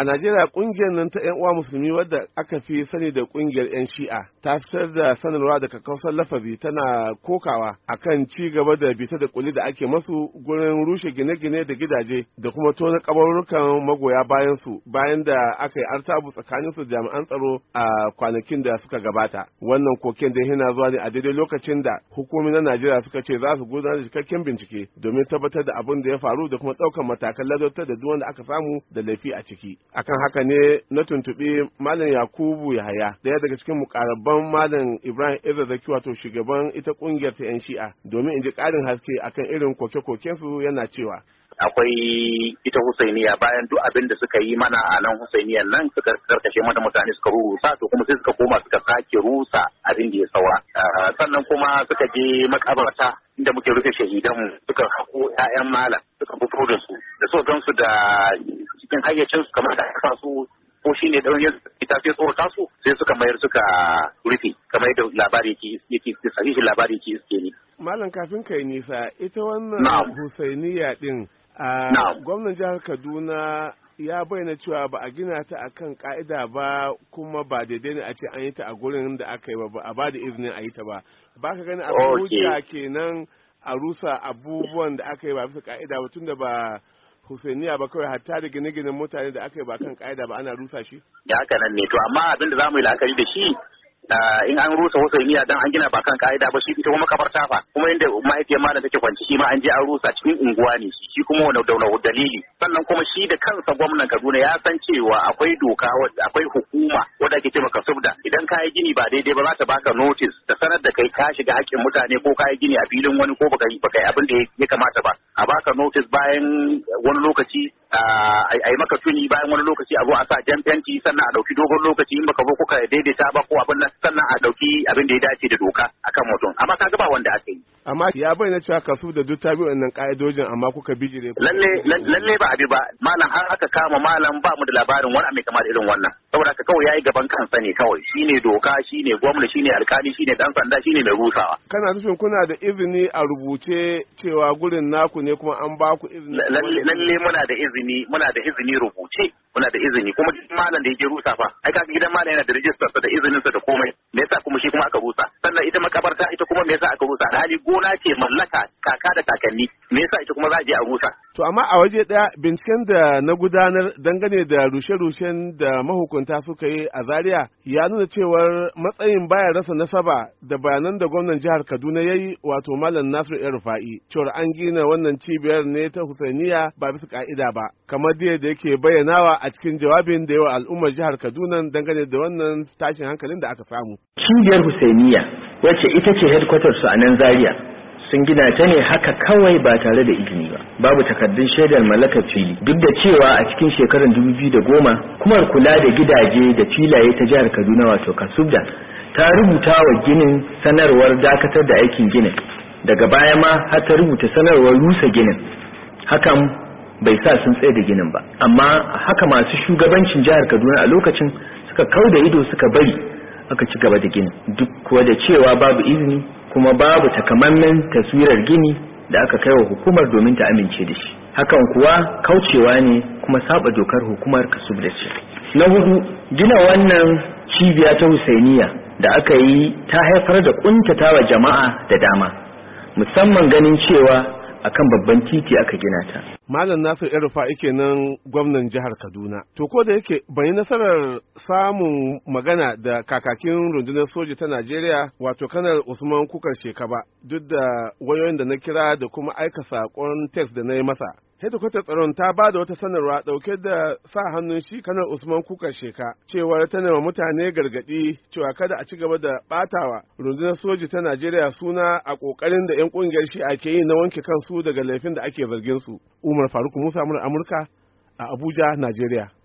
A Najeriya kungiyar nan ta 'yan uwa musulmi wadda aka fi sani da kungiyar 'yan shi'a ta fitar da sanarwa daga kausar lafazi tana kokawa akan ci gaba da bita da kuli da ake masu gurin rushe gine-gine da gidaje da kuma tona kabarurukan magoya bayan su bayan da aka yi artabu tsakanin su jami'an tsaro a kwanakin da suka gabata. Wannan koken da yana zuwa ne a daidai lokacin da hukumomi na Najeriya suka ce za su gudanar da cikakken bincike domin tabbatar da abin da ya faru da kuma ɗaukar matakan ladabtar da duk wanda aka samu da laifi a ciki. akan haka ne na tuntuɓi malam yakubu yahaya daya daga cikin mukarabban malam ibrahim zaki wato shugaban ita kungiyar ta yan shi'a domin in ji ƙarin haske akan irin koke-koken su yana cewa akwai ita husainiya bayan duk abin da suka yi mana a nan husainiyan nan suka karkashe mata mutane suka rusa to kuma sai suka koma suka sake rusa abin da ya saura ah, sannan kuma suka je makabarta inda muke rufe shahidanmu suka hako 'ya'yan malam suka fito da su da so gansu da cikin hayyacin su kamar da aka su ko shine da wani ita sai ta su sai suka mayar suka rufe kamar yadda labari yake yake sahihin labari yake iske ne malam kafin kai nisa ita wannan husainiya din a gwamnan jihar kaduna ya bayyana cewa ba a gina ta a kan ka'ida ba kuma ba daidai ne a ce an yi ta a gurin da aka yi ba a ba da izinin a yi ta ba ba ka gani a kenan a rusa abubuwan da aka yi ba bisa ka'ida ba tun da ba Husainiya ba kawai hatta da gine-ginen mutane da aka yi ba kan ka'ida ba ana rusa shi. Ya haka ne to amma abin da za mu yi la'akari da shi Eh, in an rusa miya dan an gina ba kan ka'ida ba shi ita kuma makabarta fa kuma inda mahaifiyar malam take kwanci shi ma an je an rusa cikin unguwa ne shi kuma wani daula dalili sannan kuma shi da kansa gwamnan Kaduna ya san cewa akwai doka akwai hukuma wadda ake cewa kasubda idan ka yi gini ba daidai ba za ta baka notice ta sanar da kai ka shiga haƙƙin mutane ko ka yi gini a filin wani ko baka yi abin da ya kamata ba a baka notice bayan wani lokaci a ah, yi maka tuni bayan wani lokaci a zo a sa jan fenti sannan a dauki dogon lokaci in baka zo kuka daidaita ba ko abin nan sannan a dauki abin da ya dace da doka akan mutum amma ka ba wanda aka yi amma ya bayyana cewa kasu da duk ta wannan ka'idojin amma kuka bijire lalle lalle ba abi ba malam har aka kama malam ba mu da labarin wani mai kamar irin wannan saboda ka kawai yayi gaban kansa ne kawai shine doka shine gwamna shine alkali shine dan sanda shine mai rusawa kana nufin kuna da izini a rubuce cewa gurin naku ne kuma an ba ku izini lalle muna da izini muna da izini rubuce muna da izini kuma duk malam da yake rusa fa ai kaga gidan malam yana da rijistar sa da izinin sa da komai me yasa kuma shi kuma aka rusa sannan ita makabarta ita kuma me yasa aka rusa hali gona ce mallaka kaka da kakanni me yasa ita kuma za a je a rusa to amma a waje daya binciken da na gudanar dangane da rushe-rushen da mahukunta mahukunta suka yi a Zaria ya nuna cewar matsayin baya rasa nasaba da bayanan da gwamnan jihar Kaduna ya yi wato Malam Nasiru ya Rufa'i cewar an gina wannan cibiyar ne ta Husainiya ba bisa ka'ida ba kamar da yake bayyanawa a cikin jawabin da yawa al'ummar jihar Kaduna dangane da wannan tashin hankalin da aka samu. Cibiyar Husainiya wacce ita ce headquarters a nan Zaria sun gina ta ne haka kawai ba tare da izini ba babu takardun shaidar mallakar fili duk da cewa a cikin shekarar goma kuma kula da gidaje da filaye ta jihar Kaduna wato Kasubda ta rubuta wa ginin sanarwar dakatar da aikin ginin daga baya ma har ta rubuta sanarwar rusa ginin hakan bai sa sun tsaye da ginin ba amma haka masu shugabancin jihar Kaduna a lokacin suka da ido suka bari aka ci gaba da ginin duk kuwa da cewa babu izini kuma babu takamammen taswirar gini da aka kai wa hukumar domin ta amince da shi hakan kuwa kaucewa ne kuma saba dokar hukumar kasub da shi. na hudu gina wannan cibiya ta husainiya da aka yi ta haifar da kuntatawa jama'a da dama musamman ganin cewa akan babban titi aka gina ta. Malam Nasir ike nan gwamnan jihar Kaduna. To ko da yake bai yi nasarar samun magana da kakakin rundunar soja ta Najeriya wato kanar Usman Kukar Sheka ba duk da wayoyin da na kira da kuma aika saƙon text da na yi masa. hedikwatar tsaron ta ba da wata sanarwa dauke da sa hannun shi kanar usman kuka sheka Cewa ta nema mutane gargadi cewa kada a ci gaba da batawa rundunar soji ta najeriya suna a kokarin da yan kungiyar shi ake yi na wanke kansu daga laifin da ake zargin su umar faruk musa mura amurka a abuja najeriya